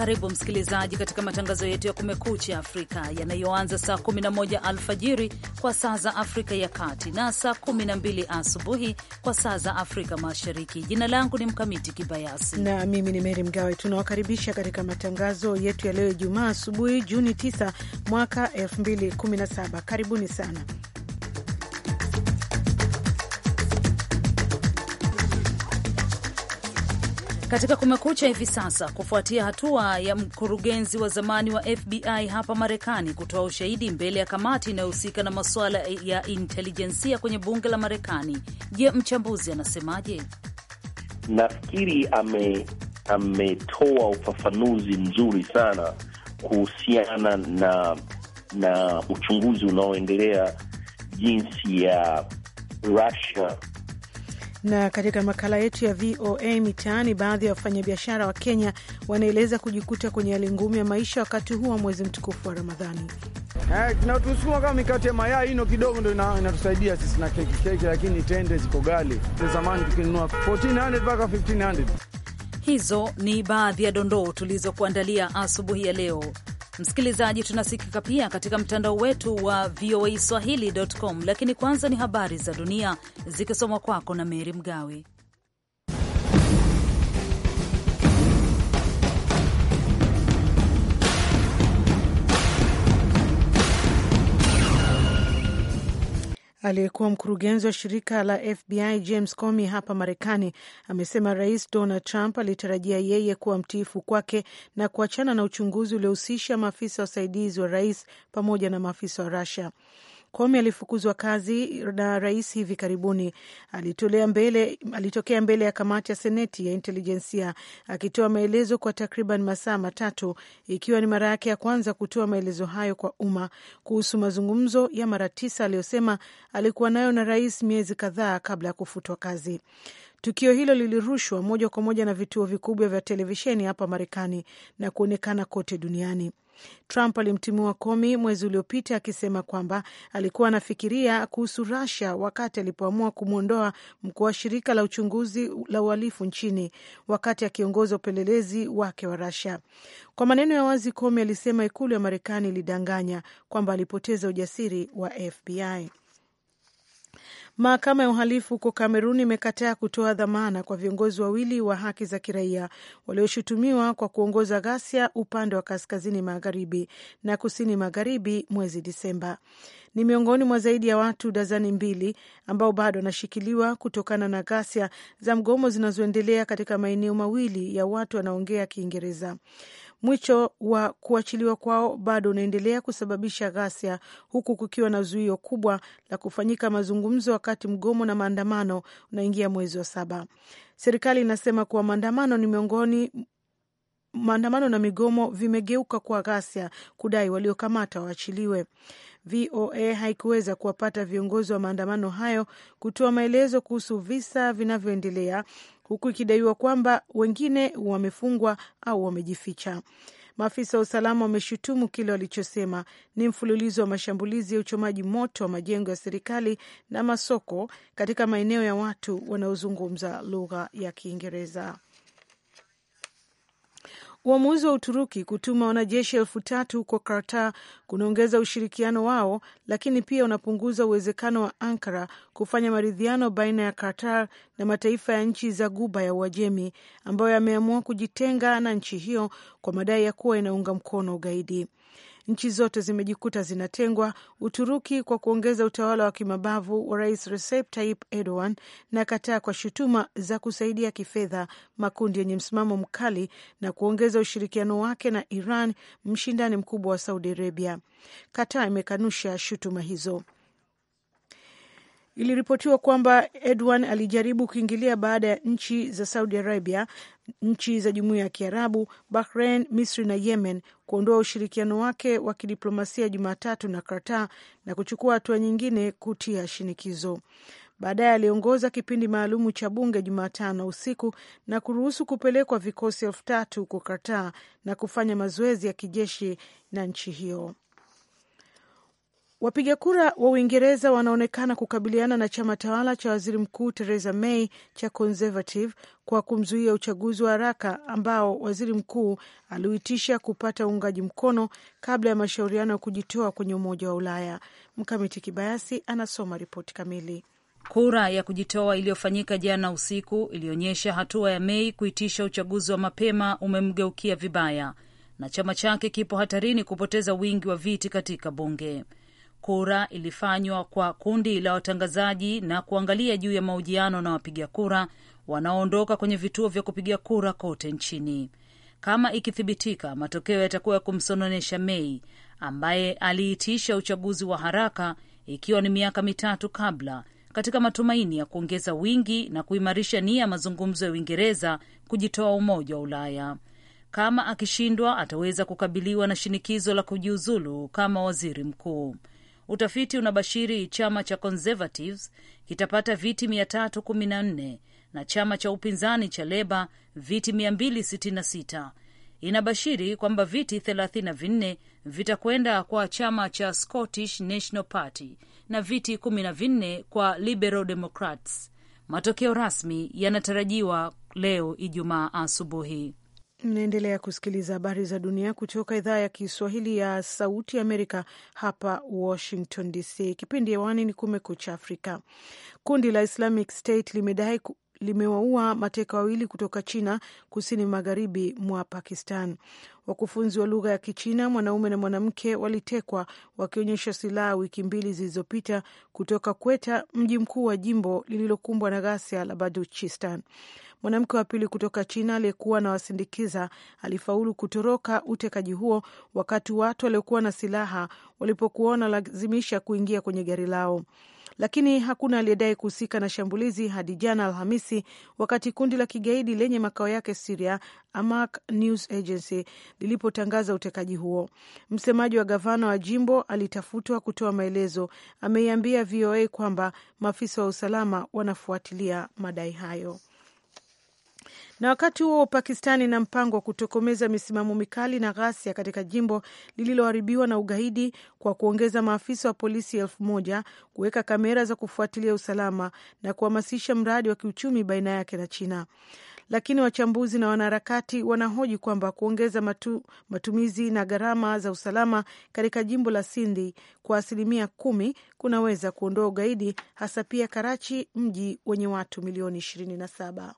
Karibu msikilizaji katika matangazo yetu ya Kumekucha Afrika yanayoanza saa 11 alfajiri kwa saa za Afrika ya Kati na saa 12 asubuhi kwa saa za Afrika Mashariki. Jina langu ni Mkamiti Kibayasi na mimi ni Meri Mgawe. Tunawakaribisha katika matangazo yetu ya leo Ijumaa asubuhi, Juni 9 mwaka 2017. Karibuni sana katika Kumekucha hivi sasa, kufuatia hatua ya mkurugenzi wa zamani wa FBI hapa Marekani kutoa ushahidi mbele ya kamati inayohusika na masuala ya intelijensia kwenye bunge la Marekani. Je, mchambuzi anasemaje? Nafikiri ame ametoa ufafanuzi mzuri sana kuhusiana na na uchunguzi unaoendelea jinsi ya Russia na katika makala yetu ya VOA Mitaani, baadhi ya wafanyabiashara wa Kenya wanaeleza kujikuta kwenye hali ngumu ya maisha wakati huu wa mwezi mtukufu wa Ramadhani. Eh, tunatusukuma kama mikate ya mayai ino kidogo ndo inatusaidia sisi na keki keki, lakini tende ziko ghali. Zamani tukinunua 1400 mpaka 1500. Hizo ni baadhi ya dondoo tulizokuandalia asubuhi ya leo. Msikilizaji, tunasikika pia katika mtandao wetu wa voa swahilicom lakini kwanza ni habari za dunia zikisomwa kwako na Meri Mgawe. Aliyekuwa mkurugenzi wa shirika la FBI James Comey hapa Marekani amesema Rais Donald Trump alitarajia yeye kuwa mtiifu kwake na kuachana na uchunguzi uliohusisha maafisa wasaidizi wa rais pamoja na maafisa wa Rusia. Komi alifukuzwa kazi na rais hivi karibuni. Alitolea mbele, alitokea mbele ya kamati ya seneti ya intelijensia akitoa maelezo kwa takriban masaa matatu, ikiwa ni mara yake ya kwanza kutoa maelezo hayo kwa umma kuhusu mazungumzo ya mara tisa aliyosema alikuwa nayo na rais miezi kadhaa kabla ya kufutwa kazi. Tukio hilo lilirushwa moja kwa moja na vituo vikubwa vya televisheni hapa Marekani na kuonekana kote duniani. Trump alimtimua Komi mwezi uliopita akisema kwamba alikuwa anafikiria kuhusu rasia wakati alipoamua kumwondoa mkuu wa shirika la uchunguzi la uhalifu nchini wakati akiongoza upelelezi wake wa rasia Kwa maneno ya wazi, Komi alisema ikulu ya Marekani ilidanganya kwamba alipoteza ujasiri wa FBI. Mahakama ya uhalifu huko Kamerun imekataa kutoa dhamana kwa viongozi wawili wa haki za kiraia walioshutumiwa kwa kuongoza ghasia upande wa kaskazini magharibi na kusini magharibi mwezi Disemba. Ni miongoni mwa zaidi ya watu dazani mbili ambao bado wanashikiliwa kutokana na ghasia za mgomo zinazoendelea katika maeneo mawili ya watu wanaongea Kiingereza. Mwicho wa kuachiliwa kwao bado unaendelea kusababisha ghasia, huku kukiwa na zuio kubwa la kufanyika mazungumzo, wakati mgomo na maandamano unaingia mwezi wa saba. Serikali inasema kuwa maandamano ni miongoni maandamano na migomo vimegeuka kwa ghasia, kudai waliokamata waachiliwe. VOA haikuweza kuwapata viongozi wa maandamano hayo kutoa maelezo kuhusu visa vinavyoendelea, huku ikidaiwa kwamba wengine wamefungwa au wamejificha. Maafisa wa usalama wameshutumu kile walichosema ni mfululizo wa mashambulizi ya uchomaji moto wa majengo ya serikali na masoko katika maeneo ya watu wanaozungumza lugha ya Kiingereza. Uamuzi wa Uturuki kutuma wanajeshi elfu tatu huko Karta kunaongeza ushirikiano wao, lakini pia unapunguza uwezekano wa Ankara kufanya maridhiano baina ya kartar na mataifa ya nchi za Guba ya Uajemi ambayo yameamua kujitenga na nchi hiyo kwa madai ya kuwa inaunga mkono ugaidi nchi zote zimejikuta zinatengwa, Uturuki kwa kuongeza utawala wa kimabavu wa Rais Recep Tayyip Erdogan na Kataa kwa shutuma za kusaidia kifedha makundi yenye msimamo mkali na kuongeza ushirikiano wake na Iran, mshindani mkubwa wa Saudi Arabia. Kataa imekanusha shutuma hizo. Iliripotiwa kwamba Edwan alijaribu kuingilia baada ya nchi za Saudi Arabia, nchi za Jumuiya ya Kiarabu, Bahrain, Misri na Yemen kuondoa ushirikiano wake wa kidiplomasia Jumatatu na Qatar na kuchukua hatua nyingine kutia shinikizo. Baadaye aliongoza kipindi maalumu cha bunge Jumatano usiku na kuruhusu kupelekwa vikosi elfu tatu huko Qatar na kufanya mazoezi ya kijeshi na nchi hiyo. Wapiga kura wa Uingereza wanaonekana kukabiliana na chama tawala cha waziri mkuu Theresa May cha Conservative kwa kumzuia uchaguzi wa haraka ambao waziri mkuu aliuitisha kupata uungaji mkono kabla ya mashauriano ya kujitoa kwenye Umoja wa Ulaya. Mkamiti Kibayasi anasoma ripoti kamili. Kura ya kujitoa iliyofanyika jana usiku ilionyesha hatua ya mei kuitisha uchaguzi wa mapema umemgeukia vibaya na chama chake kipo hatarini kupoteza wingi wa viti katika bunge. Kura ilifanywa kwa kundi la watangazaji na kuangalia juu ya mahojiano na wapiga kura wanaoondoka kwenye vituo vya kupiga kura kote nchini. Kama ikithibitika, matokeo yatakuwa ya kumsononesha Mei ambaye aliitisha uchaguzi wa haraka ikiwa ni miaka mitatu kabla, katika matumaini ya kuongeza wingi na kuimarisha nia ya mazungumzo ya Uingereza kujitoa Umoja wa Ulaya. Kama akishindwa, ataweza kukabiliwa na shinikizo la kujiuzulu kama waziri mkuu. Utafiti unabashiri chama cha Conservatives kitapata viti 314 na chama cha upinzani cha Leba viti 266. Inabashiri kwamba viti 34 vitakwenda kwa chama cha Scottish National Party na viti 14 kwa Liberal Democrats. Matokeo rasmi yanatarajiwa leo Ijumaa asubuhi. Mnaendelea kusikiliza habari za dunia kutoka idhaa ya Kiswahili ya Sauti Amerika hapa Washington DC. Kipindi hewani ni Kumekucha Afrika. Kundi la Islamic State limedai limewaua mateka wawili kutoka China kusini magharibi mwa Pakistan. Wakufunzi wa lugha ya Kichina, mwanaume na mwanamke, walitekwa wakionyesha silaha wiki mbili zilizopita kutoka Kweta, mji mkuu wa jimbo lililokumbwa na ghasia la baduchistan Mwanamke wa pili kutoka China aliyekuwa anawasindikiza alifaulu kutoroka utekaji huo wakati watu waliokuwa na silaha walipokuwa wanalazimisha kuingia kwenye gari lao lakini hakuna aliyedai kuhusika na shambulizi hadi jana Alhamisi, wakati kundi la kigaidi lenye makao yake Siria, Amaq News Agency, lilipotangaza utekaji huo. Msemaji wa gavana wa jimbo alitafutwa kutoa maelezo, ameiambia VOA kwamba maafisa wa usalama wanafuatilia madai hayo. Na wakati huo Pakistani ina mpango wa kutokomeza misimamo mikali na ghasia katika jimbo lililoharibiwa na ugaidi kwa kuongeza maafisa wa polisi elfu moja kuweka kamera za kufuatilia usalama na kuhamasisha mradi wa kiuchumi baina yake na China. Lakini wachambuzi na wanaharakati wanahoji kwamba kuongeza matu, matumizi na gharama za usalama katika jimbo la Sindhi kwa asilimia kumi kunaweza kuondoa ugaidi hasa pia Karachi, mji wenye watu milioni 27.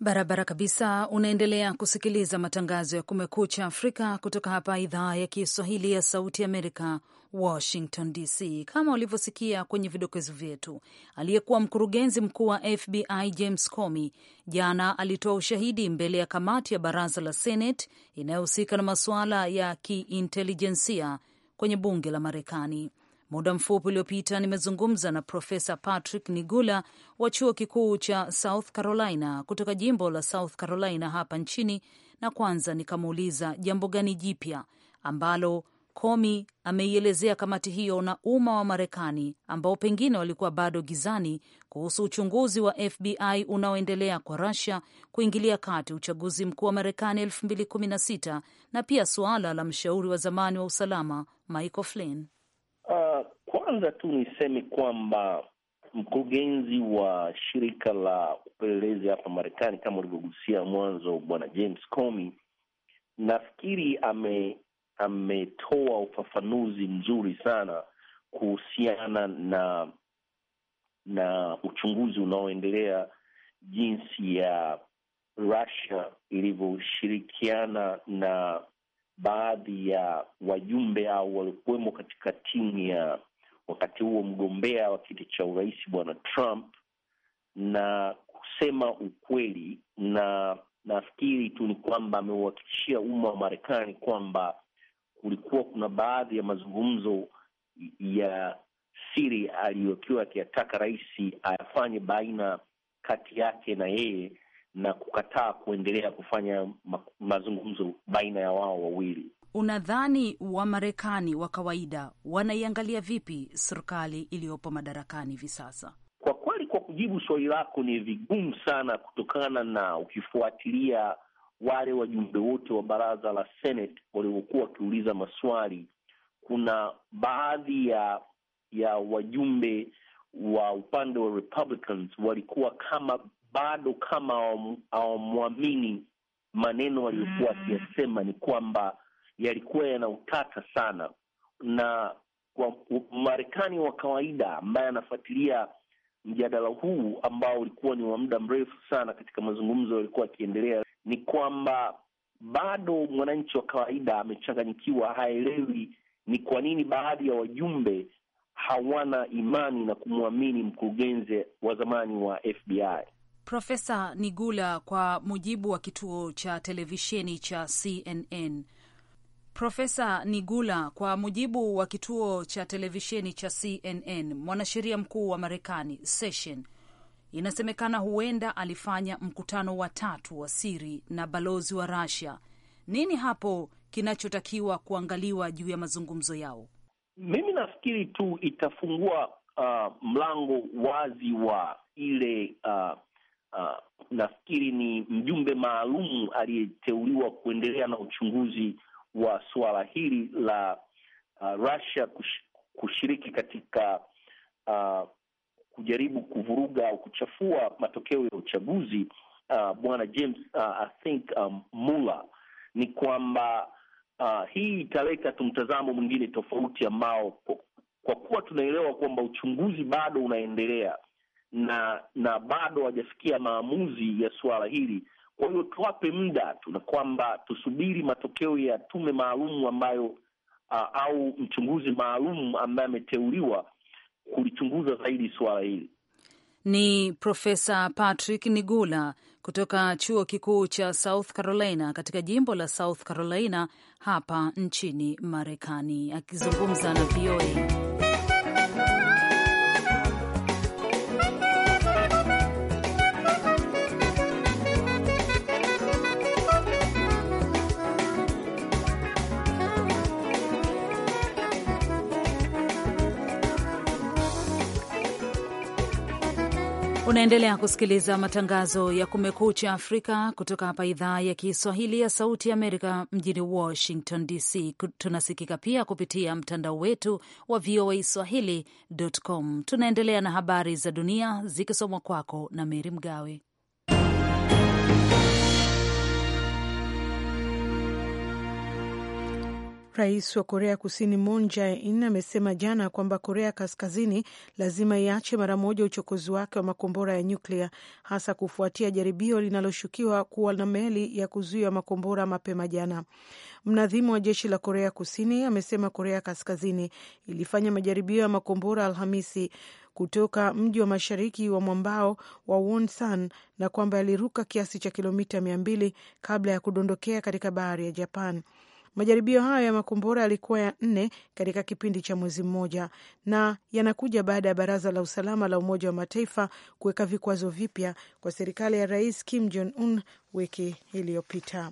Barabara kabisa. Unaendelea kusikiliza matangazo ya Kumekucha Afrika kutoka hapa idhaa ya Kiswahili ya Sauti Amerika, Washington DC. Kama ulivyosikia kwenye vidokezo vyetu, aliyekuwa mkurugenzi mkuu wa FBI James Comey jana alitoa ushahidi mbele ya kamati ya baraza la Senate inayohusika na masuala ya kiintelijensia kwenye bunge la Marekani. Muda mfupi uliopita nimezungumza na Profesa Patrick Nigula wa chuo kikuu cha South Carolina kutoka jimbo la South Carolina hapa nchini, na kwanza nikamuuliza jambo gani jipya ambalo Komi ameielezea kamati hiyo na umma wa Marekani ambao pengine walikuwa bado gizani kuhusu uchunguzi wa FBI unaoendelea kwa rasia kuingilia kati uchaguzi mkuu wa Marekani 2016 na pia suala la mshauri wa zamani wa usalama Michael Flynn. Uh, kwanza tu niseme kwamba mkurugenzi wa shirika la upelelezi hapa Marekani, kama ulivyogusia mwanzo, bwana James Comey, nafikiri ame ametoa ufafanuzi mzuri sana kuhusiana na na uchunguzi unaoendelea jinsi ya Russia ilivyoshirikiana na baadhi ya wajumbe au waliokuwemo katika timu ya wakati huo mgombea wa kiti cha urais bwana Trump na kusema ukweli, na nafikiri tu ni kwamba ameuhakikishia umma wa Marekani kwamba kulikuwa kuna baadhi ya mazungumzo ya siri aliyokiwa akiyataka rais ayafanye baina kati yake na yeye, na kukataa kuendelea kufanya ma mazungumzo baina ya wao wawili. Unadhani Wamarekani wa kawaida wanaiangalia vipi serikali iliyopo madarakani hivi sasa? Kwa kweli, kwa kujibu swali lako ni vigumu sana, kutokana na ukifuatilia wale wajumbe wote wa baraza la Senate waliokuwa wakiuliza maswali, kuna baadhi ya ya wajumbe wa upande wa Republicans walikuwa kama bado kama hawamwamini maneno aliyokuwa mm. akiyasema, ni kwamba yalikuwa yana utata sana, na kwa Marekani wa kawaida ambaye anafuatilia mjadala huu ambao ulikuwa ni wa muda mrefu sana katika mazungumzo yalikuwa akiendelea ni kwamba bado mwananchi wa kawaida amechanganyikiwa, haelewi ni kwa nini baadhi ya wajumbe hawana imani na kumwamini mkurugenzi wa zamani wa FBI. Profesa Nigula, kwa mujibu wa kituo cha televisheni cha CNN Profesa Nigula, kwa mujibu wa kituo cha televisheni cha CNN, mwanasheria mkuu wa Marekani Sessions Inasemekana huenda alifanya mkutano wa tatu wa siri na balozi wa Russia. Nini hapo kinachotakiwa kuangaliwa juu ya mazungumzo yao? Mimi nafikiri tu itafungua uh, mlango wazi wa ile uh, uh, nafikiri ni mjumbe maalum aliyeteuliwa kuendelea na uchunguzi wa suala hili la uh, Russia kush, kushiriki katika uh, kujaribu kuvuruga au kuchafua matokeo ya uchaguzi uh, bwana James uh, I think um, ni kwamba uh, hii italeta tu mtazamo mwingine tofauti ambao kwa, kuwa tunaelewa kwamba uchunguzi bado unaendelea na na bado hajafikia maamuzi ya suala hili. Kwa hiyo tuwape muda tu, na kwamba tusubiri matokeo ya tume maalum ambayo uh, au mchunguzi maalum ambaye ameteuliwa kulichunguza zaidi suala hili. Ni Profesa Patrick Nigula kutoka chuo kikuu cha South Carolina katika jimbo la South Carolina hapa nchini Marekani akizungumza na VOA. Unaendelea kusikiliza matangazo ya Kumekucha Afrika kutoka hapa idhaa ya Kiswahili ya Sauti Amerika mjini Washington DC. Tunasikika pia kupitia mtandao wetu wa VOA Swahili.com. Tunaendelea na habari za dunia zikisomwa kwako na Meri Mgawe. Rais wa Korea Kusini Moon Jae-in amesema jana kwamba Korea Kaskazini lazima iache mara moja uchokozi wake wa makombora ya nyuklia, hasa kufuatia jaribio linaloshukiwa kuwa na meli ya kuzuia makombora mapema jana. Mnadhimu wa jeshi la Korea Kusini amesema Korea Kaskazini ilifanya majaribio ya makombora Alhamisi kutoka mji wa mashariki wa mwambao wa Wonsan na kwamba yaliruka kiasi cha kilomita mia mbili kabla ya kudondokea katika bahari ya Japan. Majaribio hayo ya makombora yalikuwa ya nne katika kipindi cha mwezi mmoja na yanakuja baada ya Baraza la Usalama la Umoja wa Mataifa kuweka vikwazo vipya kwa serikali ya Rais Kim Jong Un wiki iliyopita.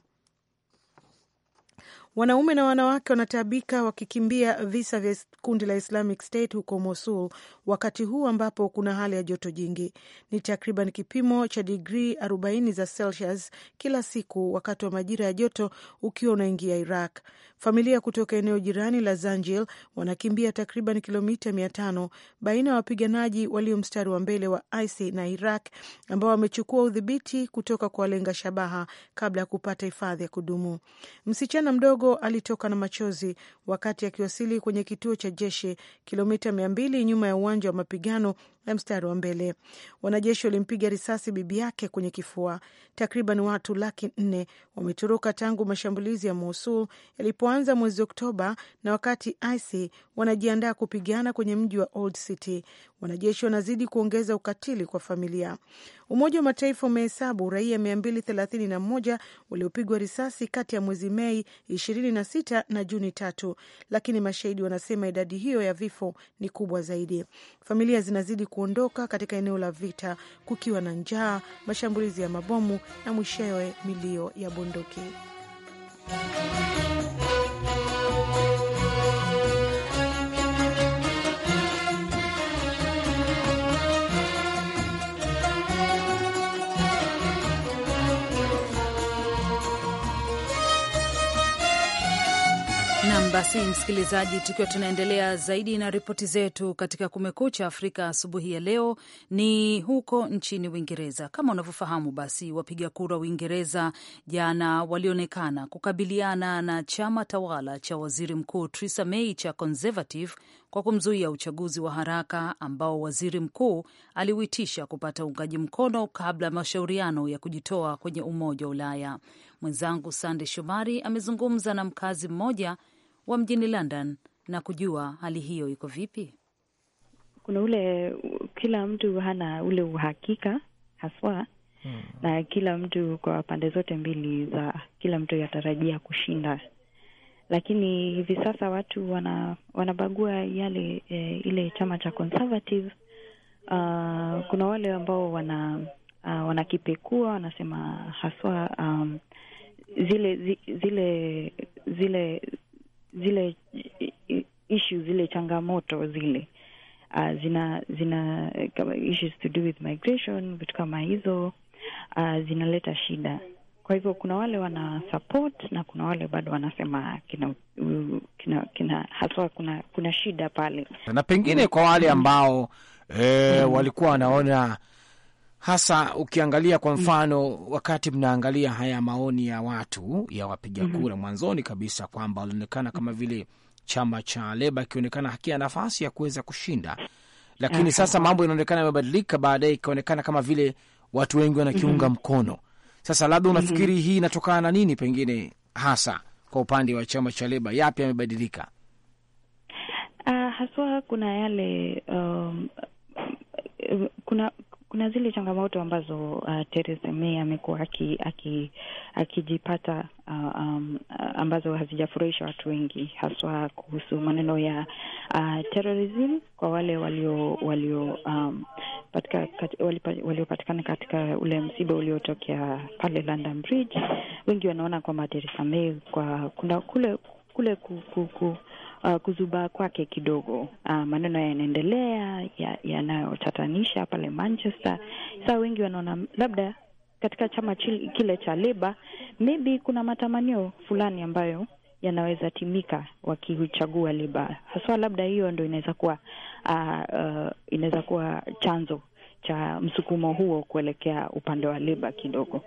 Wanaume na wanawake wanataabika wakikimbia visa vya kundi la Islamic State huko Mosul wakati huu ambapo kuna hali ya joto jingi, ni takriban kipimo cha digrii 40 za Celsius kila siku, wakati wa majira ya joto ukiwa unaingia Iraq. Familia kutoka eneo jirani la Zanjil wanakimbia takriban kilomita 500 baina ya wapiganaji walio mstari wa mbele wa ISI na Iraq ambao wamechukua udhibiti kutoka kwa walenga shabaha kabla ya kupata hifadhi ya kudumu. Msichana mdogo Kigogo alitoka na machozi wakati akiwasili kwenye kituo cha jeshi kilomita mia mbili nyuma ya uwanja wa mapigano la mstari wa mbele. Wanajeshi walimpiga risasi bibi yake kwenye kifua. Takriban watu laki nne wametoroka tangu mashambulizi ya Mosul yalipoanza mwezi Oktoba, na wakati IC wanajiandaa kupigana kwenye mji wa Old City, wanajeshi wanazidi kuongeza ukatili kwa familia. Umoja wa Mataifa umehesabu raia 231 waliopigwa risasi kati ya mwezi Mei 26 na Juni tatu, lakini mashahidi wanasema idadi hiyo ya vifo ni kubwa zaidi. Familia zinazidi kuondoka katika eneo la vita kukiwa na njaa, mashambulizi ya mabomu na mwishewe milio ya bunduki. Basi msikilizaji, tukiwa tunaendelea zaidi na ripoti zetu katika Kumekucha Afrika asubuhi ya leo, ni huko nchini Uingereza. Kama unavyofahamu, basi wapiga kura Uingereza jana walionekana kukabiliana na chama tawala cha waziri mkuu Theresa May cha Conservative kwa kumzuia uchaguzi wa haraka ambao waziri mkuu aliuitisha kupata uungaji mkono kabla ya mashauriano ya kujitoa kwenye Umoja wa Ulaya. Mwenzangu Sande Shomari amezungumza na mkazi mmoja wa mjini London na kujua hali hiyo iko vipi. Kuna ule kila mtu hana ule uhakika haswa hmm. Na kila mtu kwa pande zote mbili za kila mtu yatarajia kushinda, lakini hivi sasa watu wana, wanabagua yale e, ile chama cha Conservative. Uh, kuna wale ambao wana uh, wanakipekua wanasema haswa um, zile zile zile zile issue zile changamoto zile uh, zina zina issues to do with migration, vitu kama hizo uh, zinaleta shida. Kwa hivyo kuna wale wana support na kuna wale bado wanasema kina, kina, kina haswa kuna kuna shida pale, na pengine kwa wale ambao e, mm. walikuwa wanaona hasa ukiangalia kwa mm. mfano, wakati mnaangalia haya maoni ya watu ya wapiga mm-hmm. kura mwanzoni kabisa, kwamba walionekana kama vile chama cha Leba ikionekana hakia nafasi ya kuweza kushinda, lakini sasa mambo yanaonekana yamebadilika, baadaye ikaonekana kama vile watu wengi wanakiunga mm-hmm. mkono. Sasa labda unafikiri mm-hmm. hii inatokana na nini, pengine hasa kwa upande wa chama cha Leba, yapi yamebadilika? Uh, haswa kuna yale um, kuna kuna zile changamoto ambazo uh, Theresa May amekuwa akijipata aki, aki uh, um, uh, ambazo hazijafurahisha watu wengi, haswa kuhusu maneno ya uh, terrorism kwa wale walio walio um, patika, kat, waliopatikana katika ule msiba uliotokea pale London Bridge. Wengi wanaona kwamba Theresa May kwa kuna kule kule ku, ku, ku, uh, kuzubaa kwake kidogo. Uh, maneno yanaendelea yanayotatanisha ya pale Manchester. Saa wengi wanaona labda katika chama chile, kile cha Leba maybe kuna matamanio fulani ambayo yanaweza timika wakichagua Leba haswa, labda hiyo ndo inaweza kuwa uh, uh, inaweza kuwa chanzo cha msukumo huo kuelekea upande wa Liba kidogo.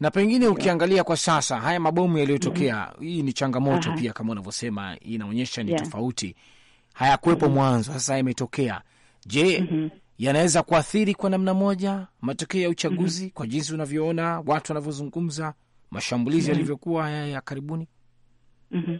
Na pengine ukiangalia kwa sasa haya mabomu yaliyotokea, mm -hmm. hii ni changamoto Aha. pia kama unavyosema inaonyesha ni yeah. tofauti hayakuwepo mm -hmm. mwanzo, sasa yametokea. Je, mm -hmm. yanaweza kuathiri kwa namna moja matokeo ya uchaguzi mm -hmm. kwa jinsi unavyoona watu wanavyozungumza, mashambulizi mm-hmm. yalivyokuwa mm -hmm. haya ya karibuni? mm -hmm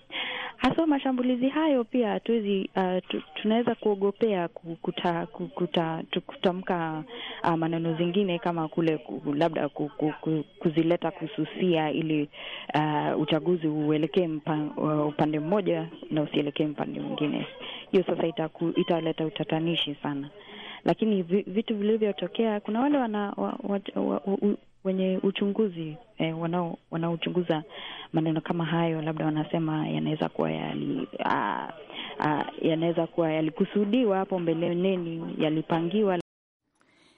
hasa mashambulizi hayo pia hatuwezi uh, tunaweza kuogopea kutamka kuta, kutamka uh, maneno zingine kama kule ku, labda ku, ku, ku, kuzileta kususia ili uh, uchaguzi uelekee uh, upande mmoja na usielekee mpande mwingine. Hiyo sasa itaku, italeta utatanishi sana, lakini vitu vilivyotokea, kuna wale wana wa, wa, wa, wa, wenye uchunguzi eh, wanao wanaochunguza maneno kama hayo, labda wanasema yanaweza kuwa yali ah, ah, yanaweza kuwa yalikusudiwa hapo neni yalipangiwa.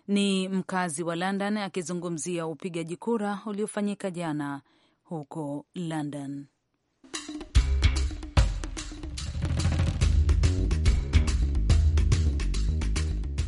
Ni mkazi wa London akizungumzia upigaji kura uliofanyika jana huko London.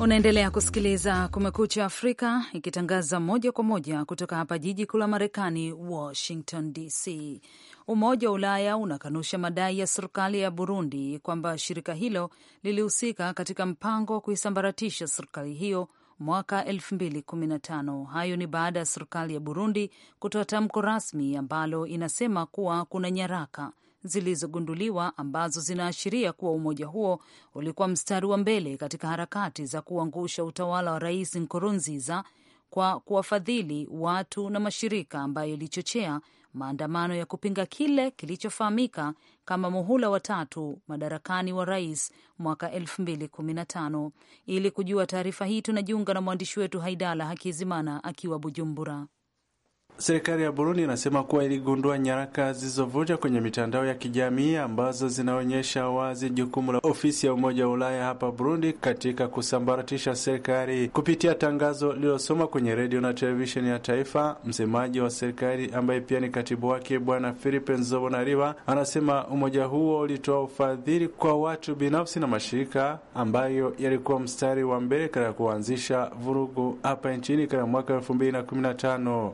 Unaendelea kusikiliza Kumekucha Afrika ikitangaza moja kwa moja kutoka hapa jiji kuu la Marekani, Washington DC. Umoja wa Ulaya unakanusha madai ya serikali ya Burundi kwamba shirika hilo lilihusika katika mpango wa kuisambaratisha serikali hiyo mwaka 2015. Hayo ni baada ya serikali ya Burundi kutoa tamko rasmi ambalo inasema kuwa kuna nyaraka zilizogunduliwa ambazo zinaashiria kuwa umoja huo ulikuwa mstari wa mbele katika harakati za kuangusha utawala wa Rais Nkurunziza kwa kuwafadhili watu na mashirika ambayo ilichochea maandamano ya kupinga kile kilichofahamika kama muhula watatu madarakani wa rais mwaka 2015. Ili kujua taarifa hii, tunajiunga na mwandishi wetu Haidala Hakizimana akiwa Bujumbura. Serikali ya Burundi inasema kuwa iligundua nyaraka zilizovuja kwenye mitandao ya kijamii ambazo zinaonyesha wazi jukumu la ofisi ya Umoja wa Ulaya hapa Burundi katika kusambaratisha serikali. Kupitia tangazo lililosoma kwenye redio na televisheni ya taifa, msemaji wa serikali ambaye pia ni katibu wake Bwana Philippe Nzobonariba anasema umoja huo ulitoa ufadhili kwa watu binafsi na mashirika ambayo yalikuwa mstari wa mbele katika kuanzisha vurugu hapa nchini katika mwaka elfu mbili na kumi na tano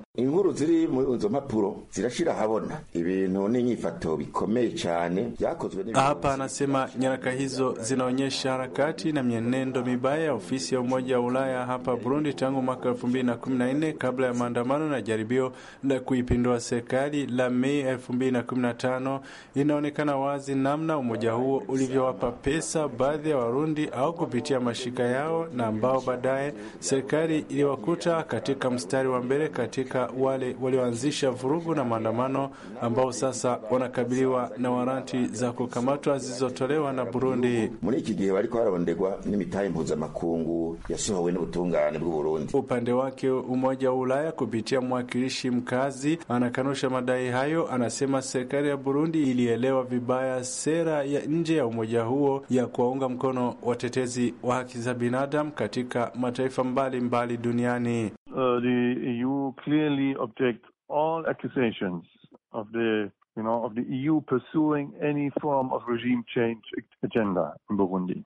inkuru ziri muri izo mpapuro zirashira habona ibintu n'inyifato bikomeye cyane byakozwe hapa anasema nyaraka hizo zinaonyesha harakati na mienendo mibaya ya ofisi ya Umoja wa Ulaya hapa Burundi tangu mwaka 2014 kabla ya maandamano na jaribio la kuipindua serikali la Mei 2015. Inaonekana wazi namna umoja huo ulivyowapa pesa baadhi ya Warundi au kupitia mashika yao na ambao baadaye serikali iliwakuta katika mstari wa mbele katika wale wale walioanzisha vurugu na maandamano ambao sasa wanakabiliwa na waranti za kukamatwa zilizotolewa na Burundi. muri iki gihe bariko bararondegwa n'imitahe mpuzamakungu yasohowe n'ubutungane bw'u Burundi. Upande wake Umoja wa Ulaya kupitia mwakilishi mkazi anakanusha madai hayo, anasema serikali ya Burundi ilielewa vibaya sera ya nje ya umoja huo ya kuwaunga mkono watetezi wa haki za binadamu katika mataifa mbalimbali mbali duniani. Uh, the EU clearly object all accusations of the you know of the EU pursuing any form of regime change agenda in Burundi.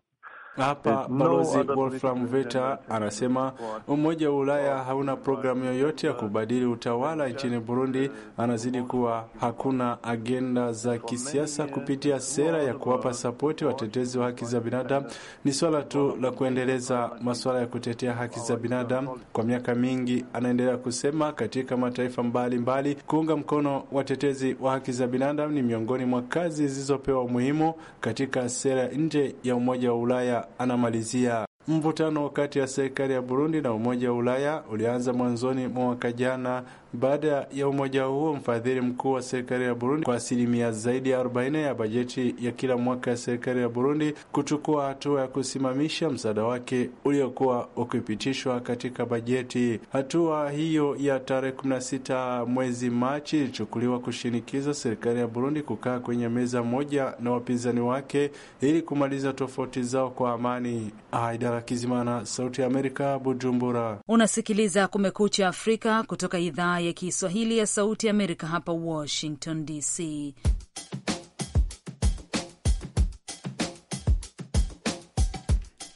Hapa Balozi Wolfram Veta anasema Umoja wa Ulaya hauna programu uh, yoyote ya uh, kubadili utawala nchini Burundi. Anazidi kuwa hakuna agenda za kisiasa kupitia sera ya kuwapa sapoti watetezi wa haki za binadamu. Ni swala tu la kuendeleza masuala ya kutetea haki za binadamu kwa miaka mingi, anaendelea kusema. Katika mataifa mbalimbali mbali, kuunga mkono watetezi wa haki za binadamu ni miongoni mwa kazi zilizopewa umuhimu katika sera nje ya Umoja wa Ulaya anamalizia. Mvutano kati ya serikali ya Burundi na Umoja wa Ulaya ulianza mwanzoni mwa mwaka jana baada ya umoja huo mfadhili mkuu wa serikali ya Burundi kwa asilimia zaidi ya 40 ya bajeti ya kila mwaka ya serikali ya Burundi kuchukua hatua ya kusimamisha msaada wake uliokuwa ukipitishwa katika bajeti. Hatua hiyo ya tarehe 16 mwezi Machi ilichukuliwa kushinikiza serikali ya Burundi kukaa kwenye meza moja na wapinzani wake ili kumaliza tofauti zao kwa amani. Aidara Kizimana, Sauti ya Amerika, Bujumbura. Unasikiliza Kumekucha Afrika kutoka idhaa ya Kiswahili ya Sauti ya Amerika hapa Washington DC.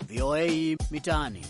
VOA Mitaani.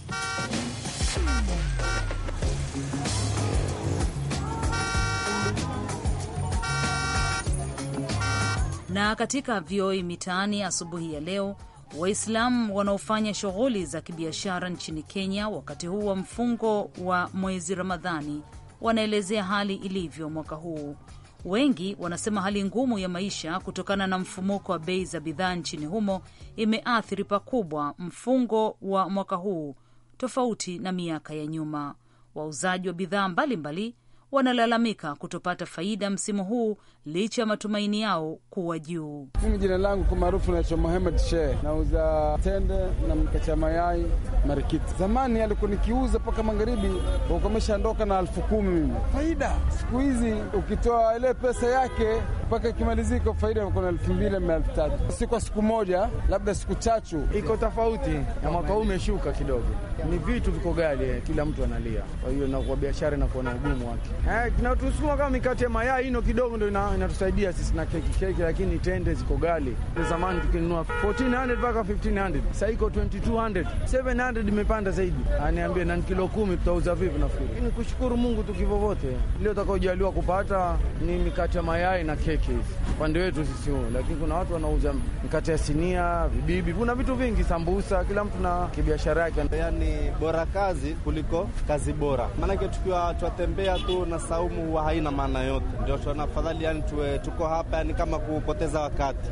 Na katika VOA Mitaani asubuhi ya leo, Waislamu wanaofanya shughuli za kibiashara nchini Kenya wakati huu wa mfungo wa mwezi Ramadhani wanaelezea hali ilivyo mwaka huu. Wengi wanasema hali ngumu ya maisha kutokana na mfumuko wa bei za bidhaa nchini humo imeathiri pakubwa mfungo wa mwaka huu tofauti na miaka ya nyuma. Wauzaji wa bidhaa mbalimbali wanalalamika kutopata faida msimu huu licha ya matumaini yao kuwa juu. Mimi jina langu kwa maarufu naitwa Mohamed Sheh, nauza tende na mkacha mayai marikiti. Zamani alikuwa nikiuza mpaka magharibi, ndoka na elfu kumi mimi faida. Siku hizi ukitoa ile pesa yake mpaka ikimalizika faida na elfu mbili ama elfu tatu si kwa siku moja, labda siku chachu. Iko tofauti na mwaka huu umeshuka kidogo, ni vitu viko gali, eh, kila mtu analia. Kwa hiyo na kwa biashara inakuwa na ugumu wake, eh, kama mikate ya mayai ino kidogo ndo inatusaidia sisi na keki keki, lakini tende ziko gali. Zamani tukinunua 1400 mpaka 1500, saiko iko 2200, 700 imepanda zaidi. Aniambie na kilo kumi tutauza vipi? Nafikiri ni kushukuru Mungu tukivovote leo utakaojaliwa kupata ni mikate ya mayai na keki upande wetu sisi huo, lakini kuna watu wanauza mikate ya sinia, vibibi, kuna vitu vingi, sambusa, kila mtu na kibiashara yake. Yani bora kazi kuliko kazi bora, maanake tukiwa twatembea tu na saumu huwa haina maana yote, ndio tunafadhali yani tuwe tuko hapa, yani kama kupoteza wakati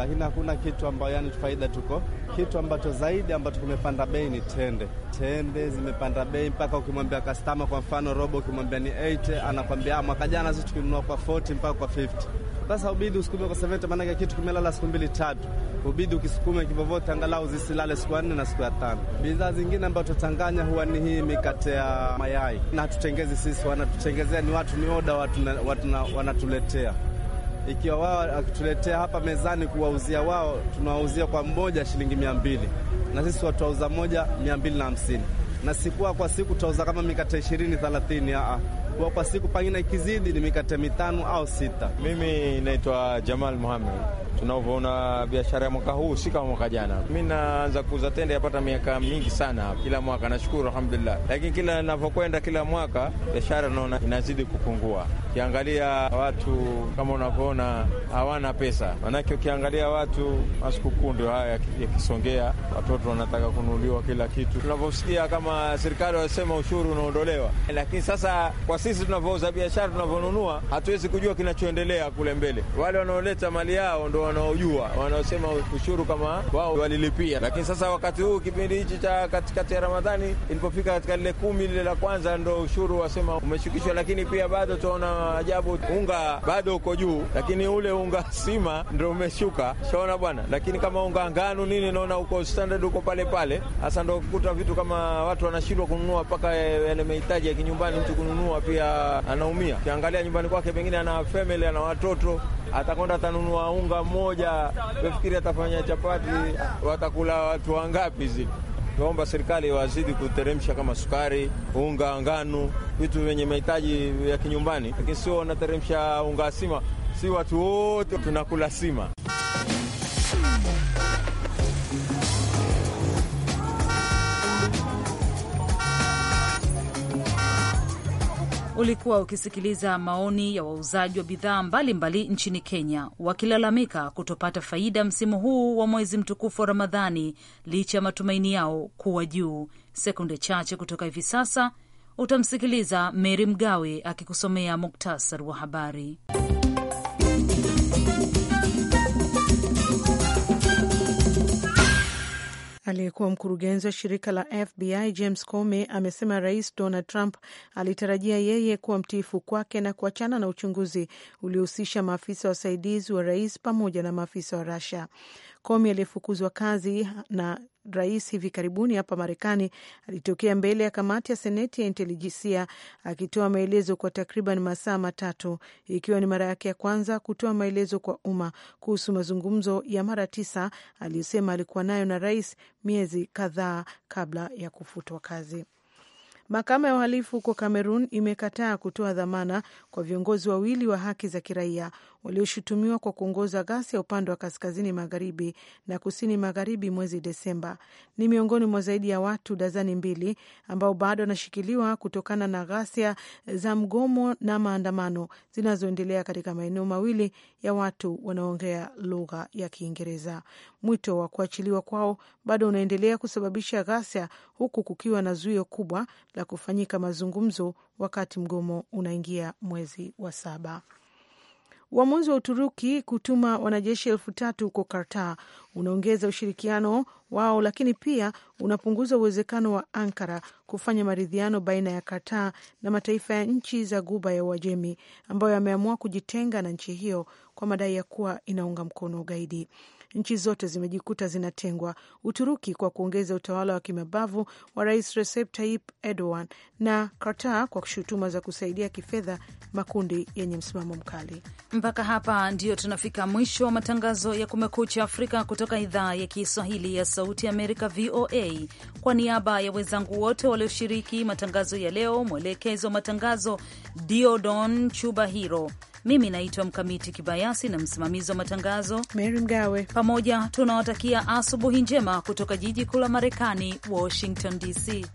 lakini hakuna kitu ambayo yani faida tuko. Kitu ambacho zaidi ambacho kimepanda bei ni tende. Tende zimepanda bei mpaka ukimwambia kastama, kwa mfano robo, ukimwambia ni 8 anakwambia ah, mwaka jana sisi tukinunua kwa 40 mpaka kwa 50. Sasa ubidi usukume kwa 70, maanake kitu kimelala siku mbili tatu, ubidi ukisukume kivyovyote, angalau zisilale siku ya nne na siku ya tano. Bidhaa zingine ambayo tutanganya huwa ni hii mikate ya mayai, na hatutengezi sisi, wanatutengezea ni watu, ni oda watu wanatuletea ikiwa wao akituletea hapa mezani kuwauzia wao, tunawauzia kwa mmoja shilingi mia mbili na sisi watuwauza moja mia mbili na hamsini na sikuwa kwa siku tutauza kama mikate ishirini thelathini a kuwa kwa siku pangine ikizidi ni mikate mitano au sita. Mimi naitwa Jamal Muhamed tunavyoona biashara ya mwaka huu si kama mwaka jana. Mi naanza kuuza tende yapata miaka mingi sana, kila mwaka nashukuru, alhamdulillah, lakini kila navyokwenda kila mwaka biashara naona inazidi kupungua. Ukiangalia watu kama unavyoona hawana pesa, manake ukiangalia watu masikukuu ndio haya yakisongea, watoto wanataka kununuliwa kila kitu. Tunavyosikia kama serikali wasema ushuru unaondolewa, lakini sasa kwa sisi tunavyouza biashara, tunavyonunua, hatuwezi kujua kinachoendelea kule mbele. Wale wanaoleta mali yao ndo wanaojua wanaosema ushuru kama wao walilipia, lakini sasa wakati huu kipindi hichi cha katikati ya Ramadhani ilipofika katika lile kumi lile la kwanza, ndo ushuru wasema umeshukishwa, lakini pia bado tunaona ajabu, unga bado uko juu, lakini ule unga sima ndo umeshuka, shaona bwana. Lakini kama unga ngano nini, naona uko standard, uko pale pale. Hasa ndo kukuta vitu kama watu wanashindwa kununua, mpaka yale mahitaji ya kinyumbani mtu kununua pia anaumia. Ukiangalia nyumbani kwake, pengine ana family, ana watoto atakwenda atanunua unga mmoja, wefikiri atafanya chapati, watakula watu wangapi zile? Tuomba serikali wazidi kuteremsha kama sukari, unga, ngano, vitu vyenye mahitaji ya kinyumbani, lakini sio wanateremsha unga sima, si watu wote tunakula sima. Ulikuwa ukisikiliza maoni ya wauzaji wa bidhaa mbalimbali nchini Kenya wakilalamika kutopata faida msimu huu wa mwezi mtukufu wa Ramadhani licha ya matumaini yao kuwa juu. Sekunde chache kutoka hivi sasa utamsikiliza Meri Mgawe akikusomea muktasari wa habari. Aliyekuwa mkurugenzi wa shirika la FBI James Comey amesema Rais Donald Trump alitarajia yeye kuwa mtiifu kwake na kuachana na uchunguzi uliohusisha maafisa wasaidizi wa rais pamoja na maafisa wa rasia Comey aliyefukuzwa kazi na rais hivi karibuni hapa Marekani alitokea mbele ya kamati ya Seneti ya intelijensia akitoa maelezo kwa takriban masaa matatu, ikiwa ni mara yake ya kwanza kutoa maelezo kwa umma kuhusu mazungumzo ya mara tisa aliyosema alikuwa nayo na rais miezi kadhaa kabla ya kufutwa kazi. Mahakama ya uhalifu huko Kamerun imekataa kutoa dhamana kwa viongozi wawili wa haki za kiraia walioshutumiwa kwa kuongoza ghasia upande wa kaskazini magharibi na kusini magharibi mwezi Desemba ni miongoni mwa zaidi ya watu dazani mbili ambao bado wanashikiliwa kutokana na ghasia za mgomo na maandamano zinazoendelea katika maeneo mawili ya watu wanaoongea lugha ya Kiingereza. Mwito wa kuachiliwa kwao bado unaendelea kusababisha ghasia, huku kukiwa na zuio kubwa la kufanyika mazungumzo wakati mgomo unaingia mwezi wa saba. Uamuzi wa Uturuki kutuma wanajeshi elfu tatu huko karta unaongeza ushirikiano wao, lakini pia unapunguza uwezekano wa Ankara kufanya maridhiano baina ya karta na mataifa ya nchi za guba ya Uajemi ambayo yameamua kujitenga na nchi hiyo kwa madai ya kuwa inaunga mkono ugaidi nchi zote zimejikuta zinatengwa, Uturuki kwa kuongeza utawala wa kimabavu wa Rais Recep Tayyip Erdogan na Qatar kwa shutuma za kusaidia kifedha makundi yenye msimamo mkali. Mpaka hapa ndio tunafika mwisho wa matangazo ya Kumekucha Afrika kutoka idhaa ya Kiswahili ya Sauti Amerika, VOA. Kwa niaba ya wenzangu wote walioshiriki matangazo ya leo, mwelekezo wa matangazo Diodon Chuba Hiro, mimi naitwa Mkamiti Kibayasi na msimamizi wa matangazo Mary Mgawe. Pamoja tunawatakia asubuhi njema kutoka jiji kuu la Marekani, Washington DC.